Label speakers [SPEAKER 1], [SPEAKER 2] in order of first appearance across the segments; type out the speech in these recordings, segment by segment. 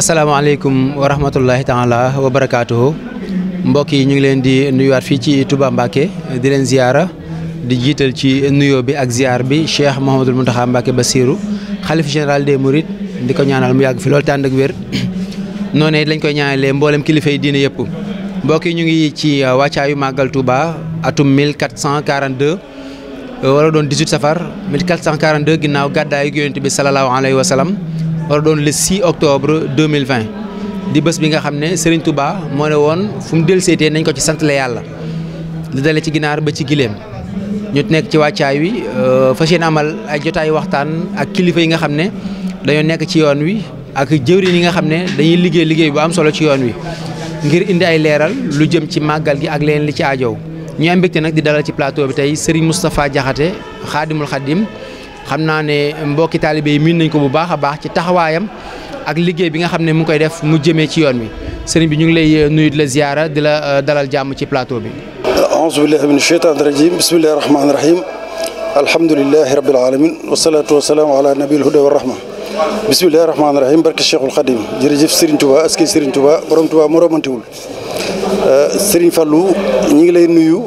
[SPEAKER 1] asalaamaaleykum wa rahmatullahi taala wa barakaatuhu mbokk yi ñu ngi leen di nuyuwaat fii ci Touba Mbacké di leen ziyaara di jiital ci nuyoo bi ak ziyaar bi Cheikh Mouhamadul Mountakha Mbacké Bassirou xalif général des Mourides di ko ñaanal mu yàgg fi loolu tànd ak wér noonu it lañ koy ñaanalee mboolem kilifa yi diine yëpp mbokk yi ñu ngi ci uh, wàccaayu màggal Touba atum 1442 uh, wala doon 18 safar 1442 ginnaaw gàddaayu Yonent bi salallaahu alayhi wa salaam war a doon le 6 octobre 2020 di bés bi nga xam ne Serigne Touba moo ne woon fu mu delluseetee nañ ko ci sant la yàlla li dale ci ginaar ba ci gileem ñu nekk ci wàccaay wi euh, fas yéene amal ay jotaayu waxtaan ak kilifa yi nga xam ne dañoo nekk ci yoon wi ak jëwriñ yi nga xam ne dañuy liggéey liggéey bu am solo ci yoon wi ngir indi ay leeral lu jëm ci màggal gi ak leen li ci aajow ñu am nag di dalal ci plateau bi tey Serigne Moustapha Diakhaté xaadimul xaadim xam naa ne mbokki taalibe yi miin nañ ko bu baax a baax ci taxawaayam ak liggéey bi nga xam ne mu ngi koy def mu jëmee ci yoon wi sëriñ bi ñu ngi lay euh, nuyu di la di la euh, dalal jàmm ci plateau bi
[SPEAKER 2] aouzu billahi min sheytaan rajim bismillahi rahmaani rahim alhamdulilahi rabil alamin wasalatu wasalaamu ala nabil huda wa rahma bismillahi rahmaani rahim barke cheikhul xadim jërëjëf sëriñ Touba aski sëriñ Touba borom Touba moromantiwul euh, sëriñ Fallou ñi ngi lay nuyu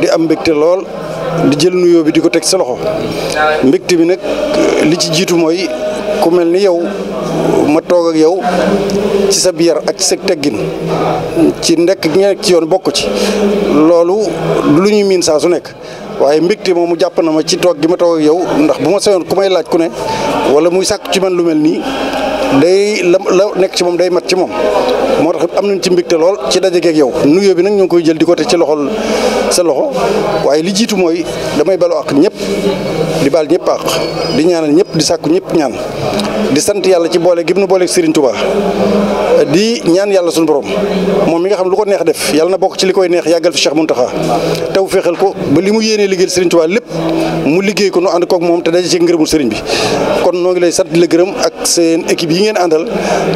[SPEAKER 2] di am mbégte lool di jël nuyoo bi di ko teg sa loxo mbégte bi nag li ci jiitu mooy ku mel ni yow ma toog ak yow ci sa biir ak ci sa teggin ci ndekk gi nekk ci yoon bokk ci loolu lu ñuy miin saa su nekk waaye mbégte moomu jàpp na ma ci toog gi ma toog ak yow ndax bu ma sañoon ku may laaj ku ne wala muy sàkk ci man lu mel nii day la la nekk ci moom day mat ci moom moo tax am nañ ci mbégte lool ci dajegeeg yow nuyoo bi nag ñu ngi koy jël di ko teg ci loxol sa loxo waaye li jiitu mooy damay baloo ak ñëpp di baal ñëpp àq di ñaanal ñëpp di sàkku ñëpp ñaan di sant yàlla ci boole mi nga xam lu ko neex def yàlla na bokk ci li koy neex yàggal fi ba li mu yéenee liggéeyal Serigne Touba lépp mu ko nu ànd koog moom te daje ci ngërëmul Serigne bi ngi lay di la gërëm ak seen yi ngeen àndal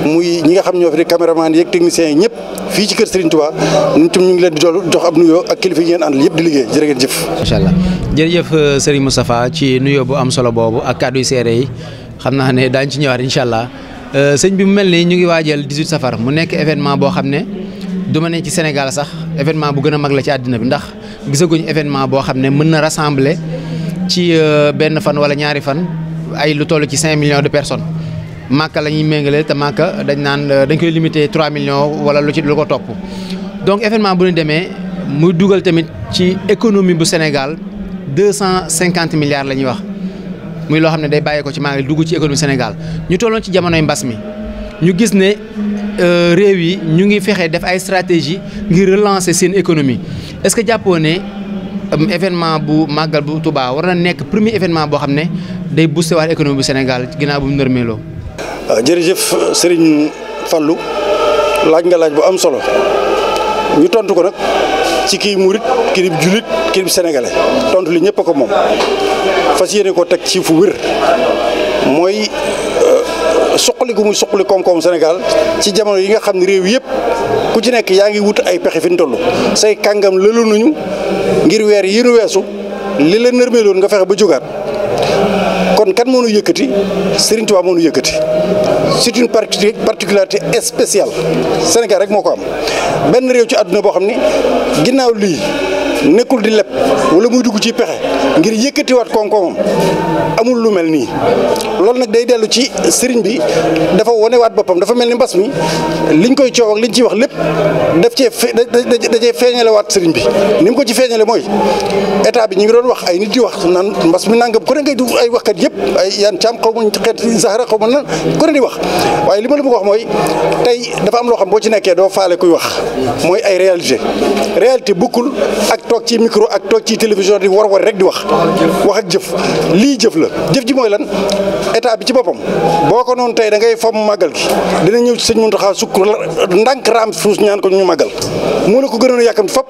[SPEAKER 2] muy ñi nga xam ñoo fi di caméraman yeeg techniciens yi ñëpp fii ci kër ñu ngi leen di jox ab nuyoo ak kilifa yi ngeen àndal yëpp di liggéey jërë ngeen jëf. macha
[SPEAKER 1] allah euh, ci nuyoo bu am solo boobu ak kàddu yu seere yi xam naa ne daañu ci ñëwaat incha allah euh, sëñ bi mu mel nii ñu ngi waajal 18 safar mu nekk événement boo xam ne du ma ne ci Sénégal sax événement bu gën a mag la ci àddina bi ndax gisaguñu événement boo xam ne mën na rassembler ci euh, benn fan wala ñaari fan ay lu toll ci 5 millions de personne Màkka la ñuy méngale te Màkka dañ naan euh, dañ koy limité 3 millions wala lu ci lu ko topp donc événement bu ñu demee muy dugal tamit ci économie bu Sénégal. deux cent cinquante milliards la ñuy wax muy loo xam ne day bàyyee ko ci maa ngi dugg ci économie Sénégal ñu tolloon ci jamonoy mbas mi ñu gis ne euh, réew yi ñu ngi fexee def ay stratégie ngir relancer seen économie est-ce que jàppoo ne euh, événement bu màggal bu Touba war na nekk premier événement boo xam ne day booster waat économie bu Sénégal ginnaaw bu mu nërmeeloo.
[SPEAKER 2] Euh, jërëjëf Serigne Fallou laaj nga laaj bu am solo ñu tontu ko nag ci kii murit kirib julit kirib sénégalais tontu li ñëpp a ko moom fas yéene ko teg ci fu wér mooy euh, suqali gu muy suqali koom-koom Sénégal ci jamono yi nga xam ne réew yëpp ku ci nekk yaa ngi wut ay pexe fi ñu toll say kàngam lëlu nañu ngir weer yi nu weesu li la nërmeeloon nga fexe ba jógaat kon kan moo nu yëkkati Serigne Touba moo nu yëkkati c'est une particularité spéciale Sénégal rek moo ko am benn réew ci àdduna boo xam ne ginnaaw lii. nekkul di leb wala muy dugg ci pexe ngir yëkkatiwaat koom-koomam amul lu mel nii loolu nag day dellu ci sëriñ bi dafa waat boppam dafa mel ni mbas mi liñ koy coow ak liñ ciy wax lépp daf cee da cee feeñalewaat sëriñ bi ni ko ci feeñale mooy état bi ñu ngi doon wax ay nit di wax naan mbas mi nangam ko ne ngay du ay waxkat yëpp ay yan caam xaw ma ma nan ko wax waaye li ma la bëgg mooy tey dafa am loo xam boo ci nekkee doo faale kuy wax mooy ay réalité réalité bukkul ak toog ci micro ak toog ci télévision di war war rek di wax wax ak jëf lii jëf la jëf ji mooy lan état bi ci boppam boo ko noonu tey da ngay fomm màggal gi dina ñëw ci sëñ Muntaxa sukk ndànk raam suus ñaan ko ñu màggal moo la ko gënoon a yàkkam fop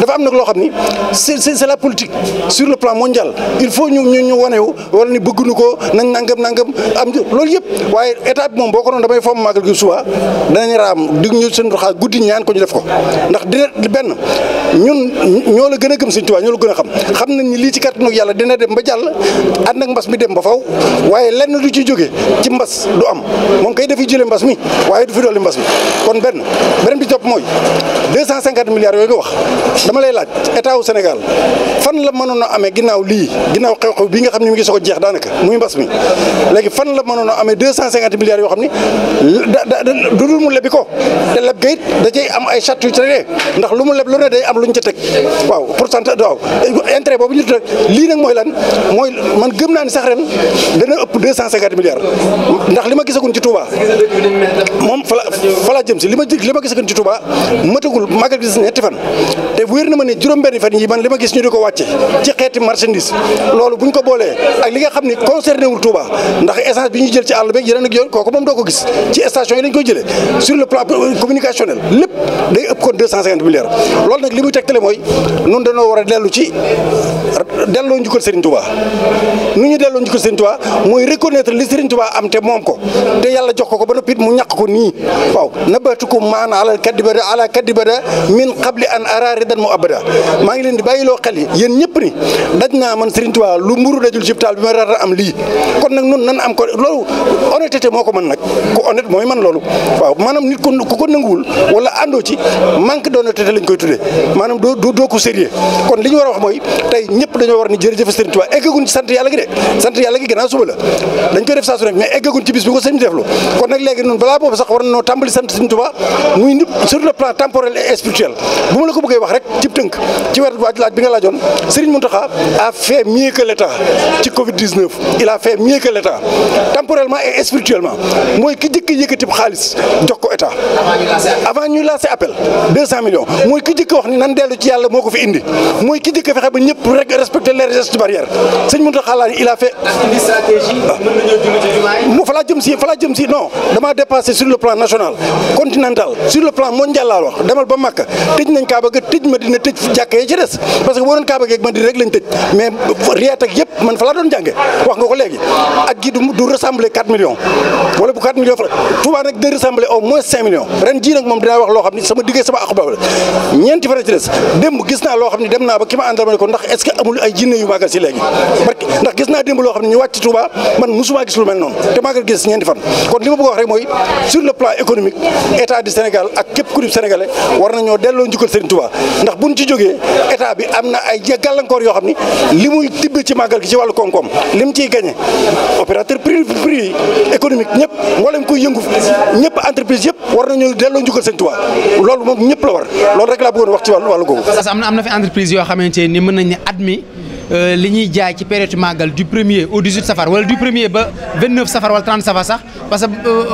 [SPEAKER 2] dafa am loo xam ni c'est c'est la politique sur le plan mondial il faut ñu ñu ñu wanewu wala ni bëgguñu ko nañ nangam nangam am loolu yëpp waaye état moom boo ko noonu damay fomm màggal gi suba danañ raam dig ñu sëñ Muntaxa guddi ñaan ko ñu def ko ndax dina benn ñun ñoo la gën a gëm sëñ Tuubaa ñoo la gën a xam xam na ni lii ci kàttanu yàlla dina dem ba jàll ànd ak mbas mi dem ba faw waaye lenn lu ci jóge ci mbas du am moom kay dafay jëlee mbas mi waaye du fi dolli mbas mi kon benn beneen bi topp mooy 250 milliards yooyu nga wax dama lay laaj état wu Sénégal fan la mënoon a amee ginnaaw lii ginnaaw xew-xew bii nga xam ne mi ngi soog jeex daanaka muy mbas mi léegi fan la mënoon a amee 250 milliards yoo xam ni da da du mu lebi ko te leb gayit da cay am ay charte yu ci ndax lu mu leb lu ne day am luñ ca teg waaw pourcentage waaw intérêt boobu ñu tudd lii nag mooy lan mooy man gëm naa ni sax ren dana ëpp deux cent cinquante milliards ndax li ma gisagun ci Touba moom fa la fa jëm si li ma li ma gisagun ci Touba matagul magal gis ñetti fan te wér na ma ne juróom-benn fan yi man li ma gis ñu di ko wàcce ci xeeti marchandise loolu bu buñ ko boolee ak li nga xam ne concerné wul Touba ndax essence bi ñuy jël ci àll beeg yeneen ak yoon kooku moom doo ko gis ci station yi lañ koy jëlee sur le plan communicationnel lépp day ëpp kon deux cent cinquante milliards loolu nag li mooy nun dañoo war a dellu ci delloo njukkal Serigne Touba nu ñu delloo njukkal Serigne Touba mooy reconnaître li Serigne Touba am te moom ko te yàlla jox ko ko ba noppi mu ñàkk ko nii waaw nabatukum maan ala kadibada ala kadibada min qabli an araari dan mu abada maa ngi leen di loo xel yi yéen ñëpp ni daj naa man Serigne Touba lu mburu dajul ci taal bi ma raar am lii kon nag nun nan am ko loolu honnêteté moo ko man nag ku honnête mooy man loolu waaw maanaam nit ku ko nanguwul wala àndoo ci manque d'honnêteté lañ koy tuddee sérieux kon li ñu war a wax mooy tey ñëpp dañoo war ni jërëjëf Sëriñ Tuubaa eggaguñ ci sant yàlla gi de sant yàlla gi gannaaw suba la dañ koy def saa su nekk mais ci bis bi ko sëñ bi deflu kon nag léegi noonu balaa boobu sax war nañoo tàmbali sant Sëriñ Tuubaa muy sur le plan temporel et bu ma la ko bëggee wax rek cib tënk ci wet waaj laaj bi nga laajoon Sëriñ Muntaxa a a fait mieux mooy ki jëkk yëkkati xaalis jox ko État fi indi mooy ki njëkk a fexe ba ñëpp rek respecter les gestes barrières sëñ Mountakha Laye il a fait. Ah. mu fa laa jëm si fa laa jëm damaa dépassé sur le plan national continental sur le plan mondial laa wax demal ba Makka tëj nañ Kaaba ga tëj ma dina tëj jàkkee ci des parce que waroon Kaaba geeg ma dina rek lañ tëj mais riyaat ak yëpp man fa laa doon jànge wax nga ko léegi ak gi du ressembler 4 millions wala bu 4 millions fa Touba nag day ressembler au moins 5 millions ren jii nag moom dinaa loo xam ni sama diggee naa loo xam dem naa ba ki ma àndal ma ne ko ndax est-ce que amul ay jinne yu màggal si léegi parce ndax gis naa démb loo xam ne ñu wàcc Touba man musuma gis lu mel noonu te màggal gis ñeenti fan kon li ma bëgg wax rek mooy sur le plan économique état du Sénégal ak képp ku di sénégalais war nañoo delloo njukkal Serigne Touba ndax buñ ci jógee état bi am na ay gàllankoor yoo xam ni li muy tibb ci màggal gi ci wàllu koom-koom li mu ciy gagné opérateur privé économique ñëpp mboolem koy yëngu ñëpp entreprise yëpp war nañoo delloo njukkal Serigne Touba loolu moom ñëpp la war loolu rek laa bëggoon wax ci wàllu wàllu
[SPEAKER 1] na fi entreprise yoo xamante ni mën nañu at mi euh, li ñuy jaay ci période màggal du premier au 18 safar wala du premier ba safar wala 30 safar sax parce que euh,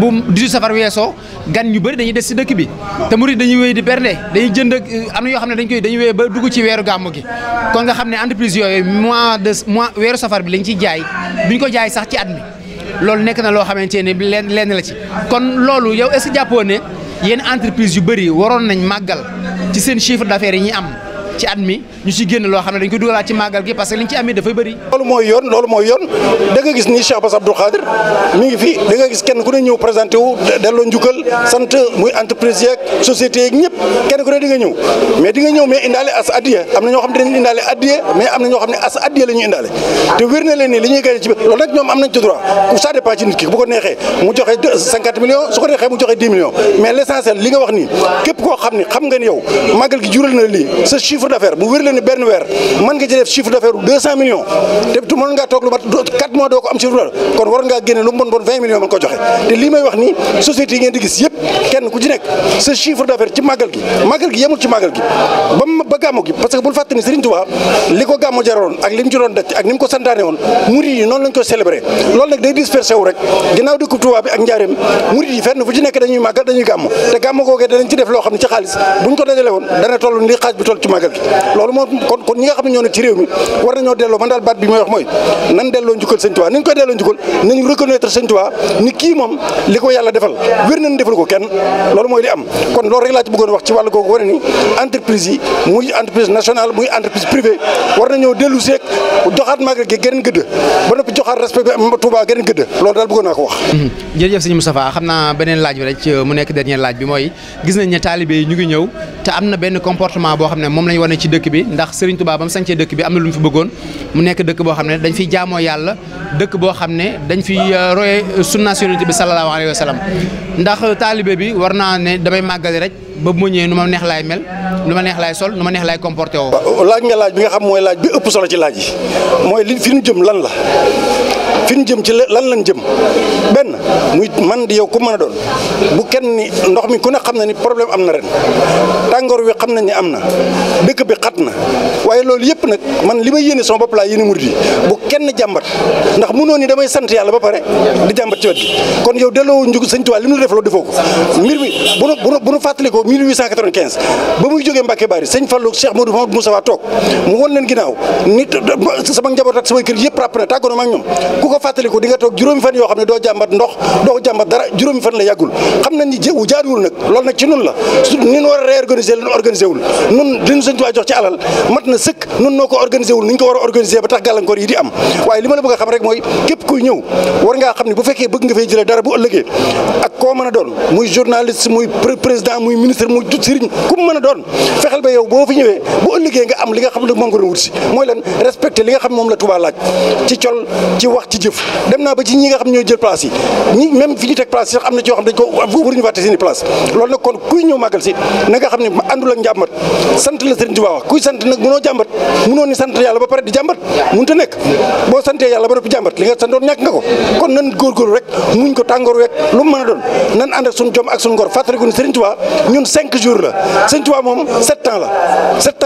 [SPEAKER 1] euh, bu 18 safar weesoo gan ñu bëri dañuy des si dëkk bi te murid dañuy wéy di bernde dañuy jënd am na yoo xam ne dañ koy dañuy wéy ba dugg ci weeru gàmmu gi kon nga xam ne entreprise yooyu mois de mois weeru safar bi lañ ciy jaay duñ ko jaay sax ci at mi loolu nekk na loo xamante ne lenn lenn la ci yéen entreprise yu bëri waroon nañ màggal ci seen chiffre d'affaires yi ñuy am ci at mi ñu si génn loo xam ne dañ koy
[SPEAKER 2] dugalaat ci màggal gi parce que liñ ci am dafay bëri loolu mooy yoon loolu mooy yoon da gis ni Cheikh Bass Abdou Khadir ngi fi da gis kenn ku ne ñëw présenté wu delloo njukkal sant muy entreprise yeeg société yeeg ñëpp kenn ku ne di nga ñëw mais di ñëw mais indaale as addiya am na ñoo xam ne dañuy indaale addiya mais am na ñoo xam ne as addiya la ñuy indaale te wér leen ni li ñuy gagné ci biir loolu nag ñoom am nañ ci droit ça dépend sa chiffre chiffre mu wér benn weer mën nga ci def chiffre d'affaires bu 200 millions te du mën toog lu mat doo ko am chiffre d'affaires kon war ngaa génne lu mu bon bon 20 millions ko joxe te lii may wax nii société yi ngeen di gis yëpp kenn ku ci nekk sa chiffre d'affaires ci màggal gi màggal gi yemul ci màggal gi ba ba gàmmu gi parce que bul fàtte ni Serigne li ko gàmmu jaroon ak li mu ci doon daj ak ni mu ko santaane woon murid yi noonu lañ loolu moo kon kon ñi nga xam ne ñoo ne ci réew mi war nañoo delloo man daal baat bi may wax mooy nan delloo njukkal sëñ Tuubaa nañ koy delloo njukkal nañ reconnaître sëñ Tuubaa ni kii moom li ko yàlla defal wér nañ defal ko kenn loolu mooy li am kon loolu rek laaj ci bëggoon wax ci wàllu googu wane ni entreprise yi muy entreprise nationale muy entreprise privée war nañoo dellu seeg joxaat magal gi geneen gëdd ba noppi joxaat respect bi am Tuubaa geneen gëdd loolu daal bëggoon naa ko wax mhm.
[SPEAKER 1] jërëjëf sëñ Moustapha xam naa beneen laaj bi rek mu nekk dernier laaj bi mooy gis nañ ne taalibe yi ñu ngi ñëw te am na benn comportement boo xam ne moom lañ wane ci dëkk bi ndax Serigne Touba ba mu sañcee dëkk bi am na lu mu fi bëggoon mu nekk dëkk boo xam ne dañ fiy jaamoo yàlla dëkk boo xam ne dañ fiy euh, roye sunna yonent bi sallallahu alayhi wa sallam ndax taalibe bi war naa ne damay màggali rek ba mu ñëwee nu ma neex laay mel nu ma neex laay sol nu ma neex laay comporté woo.
[SPEAKER 2] laaj nga laaj bi nga xam mooy laaj bi ëpp solo ci laaj yi mooy li fi ñu jëm lan la fi ñu jëm ci lan lañ jëm benn muy man di yow ku mën a doon bu kenn ni ndox mi ku ne xam na ni problème am na ren tàngoor wi xam nañ ni am na dëkk bi xat na waaye loolu yëpp nag man li may yéene sama bopp laa yéene murid yi bu kenn jàmbat ndax mënoon ni damay sant yàlla ba pare di jàmbat ci wet gi kon yow delloo njug sëñ Tuubaa li mu def loo defoo ko mbir mi bu nu bu nu bu nu fàttalikoo 1895 ba muy jógee Mbàkke Bari sëñ Fallou Cheikh Modou Mamadou Moussa toog mu won leen ginnaaw nit sama njaboot ak samay kër yëpp ràpp na tàggoonam ak ko fàttaliku di nga toog juróomi fan yoo xam ne doo jàmbat ndox doo jàmbat dara juróomi fan la yàggul xam nañ ni jaaduwul nag loolu nag ci nun la su war a réorganiser leen organiser ko organiser wul ni ñu ko ba tax gàllankoor yi di am waaye li ma la bëgg a xam rek mooy képp kuy ñëw war ngaa xam ne bu fekkee bëgg nga fay jëlee dara bu ëllëgee ak koo mën a doon muy journaliste muy président muy ministre muy sëriñ ku mu mën a doon fexeel ba yow boo fi ñëwee bu ëllëgee nga am li nga xam ne moom nga doon wut si mooy lan respecté li nga jëf dem naa ba ci ñi nga xam ñooy jël place yi ñi fi ñu teg place yi sax am na ci yoo xam dañ kon kuy ñëw màggal si na xam ne ma àndul njàmbat sant la sëriñ Tuubaa kuy sant nag munoo jàmbat munoo ni sant yàlla ba pare di jàmbat mënut a nekk boo santee yàlla ba noppi jàmbat li nga santoon ñàkk nga ko kon nan góorgóorlu rek muñ ko tàngoor week lu mu mën a doon nan ànd ak jom ak suñu ngor fàttaliku ni sëriñ Tuubaa ñun cinq jours la moom sept ans la sept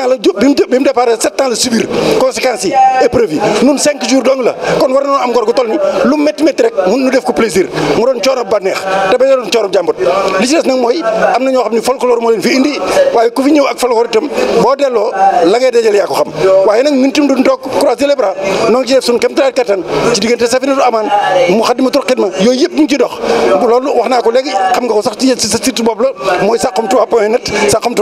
[SPEAKER 2] gu toll ni lu métti métti rek mun nu def ko plaisir mu doon coorob bànneex te bañ a doon coorob jàmbur li ci des nag mooy am na ñoo xam ne folklore moo leen fi indi waaye ku fi ñëw ak folklore itam boo delloo la ngay dajale yaa naa ko léegi xam nga ko sax ci sa mooy Saxum Touba point net Saxum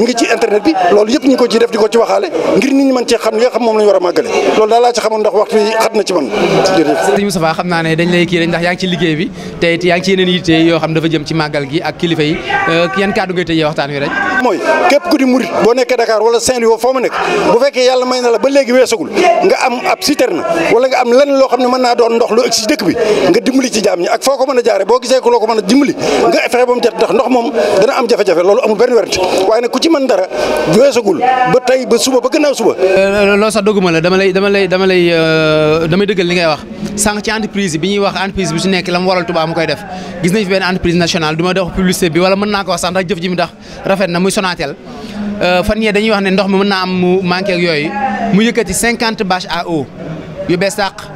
[SPEAKER 2] ngi ci internet bi loolu yëpp ñu ko ciy def di ko ci waxaale ngir nit ñi mën cee xam li xam moom la ñu war a màggale loolu ci xamoon ndax waxtu yi xat na ci man jërëjëf
[SPEAKER 1] sëñ Moustapha xam naa ne dañ lay kii rek ndax yaa ngi ci liggéey bi te yaa ngi ci yeneen yitte yoo xam dafa jëm ci màggal gi ak kilifa yi euh, yan kàddu ngay tëjee waxtaan
[SPEAKER 2] wi rek mooy képp ku di murit boo nekkee Dakar wala Saint-Louis woo foo ma nekk ba léegi weesagul ko mën a jaare boo gisee ko loo ko mën a dimbali nga fexe ba mu ndax ndox moom dana am jafe-jafe loolu amul benn werante waaye nag ku ci mën dara weesagul ba tey ba suba ba gannaaw suba
[SPEAKER 1] li ngay wax sànq ci entreprise bi ñuy wax entreprise bi su nekk la mu waral tubaab mu koy def gis nañ fi benn entreprise nationale du ma def publicité bi mën naa ko wax sax ndax jëf ji mi ndax rafet na muy Sonatel euh, fan yee dañuy wax ne ndox mi mën naa am mu manqué yooyu mu yëkkati cinquante bâche eau yu bees tàq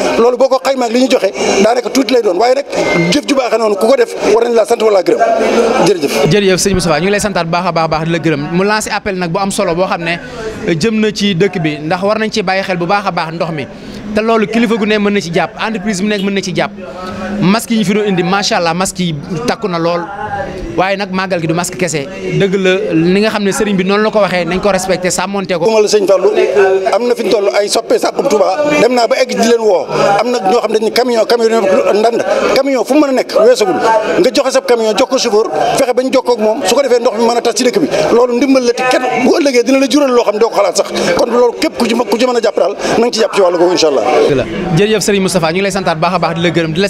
[SPEAKER 2] loolu boo ko xaymaa ak li ñu joxe daanaka tuuti lay doon waaye nag jëf ju baaxee noonu ku ko def war nañ laa sant wala gërëm jërëjëf.
[SPEAKER 1] jërëjëf sëñ Moustapha ñu ngi lay santaat baax a baax baax di la gërëm mu lancé appel nag bu am solo boo xam ne jëm na ci dëkk bi ndax war nañ ci bàyyi xel bu baax a baax ndox mi te loolu kilifa gu ne mën na ci jàpp entreprise mu nekk mën na ci jàpp masque yi ñu fi doon indi macha allah masque yi takku na lool waaye nag màggal gi du masque kese dëgg la li nga xam ne sëriñ bi noonu la ko waxee nañ ko respecté sàmmonte ko
[SPEAKER 2] am na fi ñu ay soppee Saxum Touba dem naa ba egg di leen woo am na ñoo xam dañ camion fu mu a nekk weesagul nga joxe sab camion jox ko chauffeur fexe bañ jokkoo ak moom su ko defee ndox mi mën a tas ci dëkk bi loolu ndimbal la te kenn bu ëllëgee dina la jural loo xam doo ko xalaat sax kon loolu képp ku ci a jàpp daal na ci jàpp ci a
[SPEAKER 1] baax di la gërëm di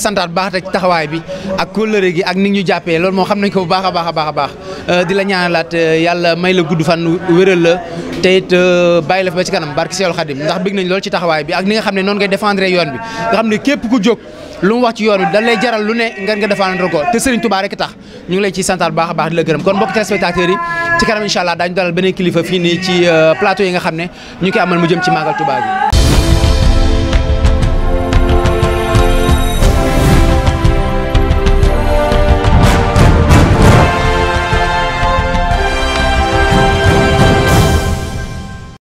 [SPEAKER 1] xam nañ ko baax a baax a baax a baax euh, di la ñaanalaat euh, yàlla may la gudd fan wéral la te it euh, bàyyi la fi ba ci kanam barki Seexul Xadim ndax bëgg nañ lool ci taxawaay bi ak ni nga xam ne noon ngay défendre yoon bi nga xam ne képp ku jóg lu mu wax ci yoon bi da lay jaral lu ne nga nga défendre ko te Serigne Touba rek tax ñu ngi lay ciy santal baax a baax di la gërëm kon mbokk téléspectateurs yi ci kanam incha allah daañu dalal beneen kilifa fii nii ci plateau yi nga xam ne ñu koy mu jëm ci màggal Touba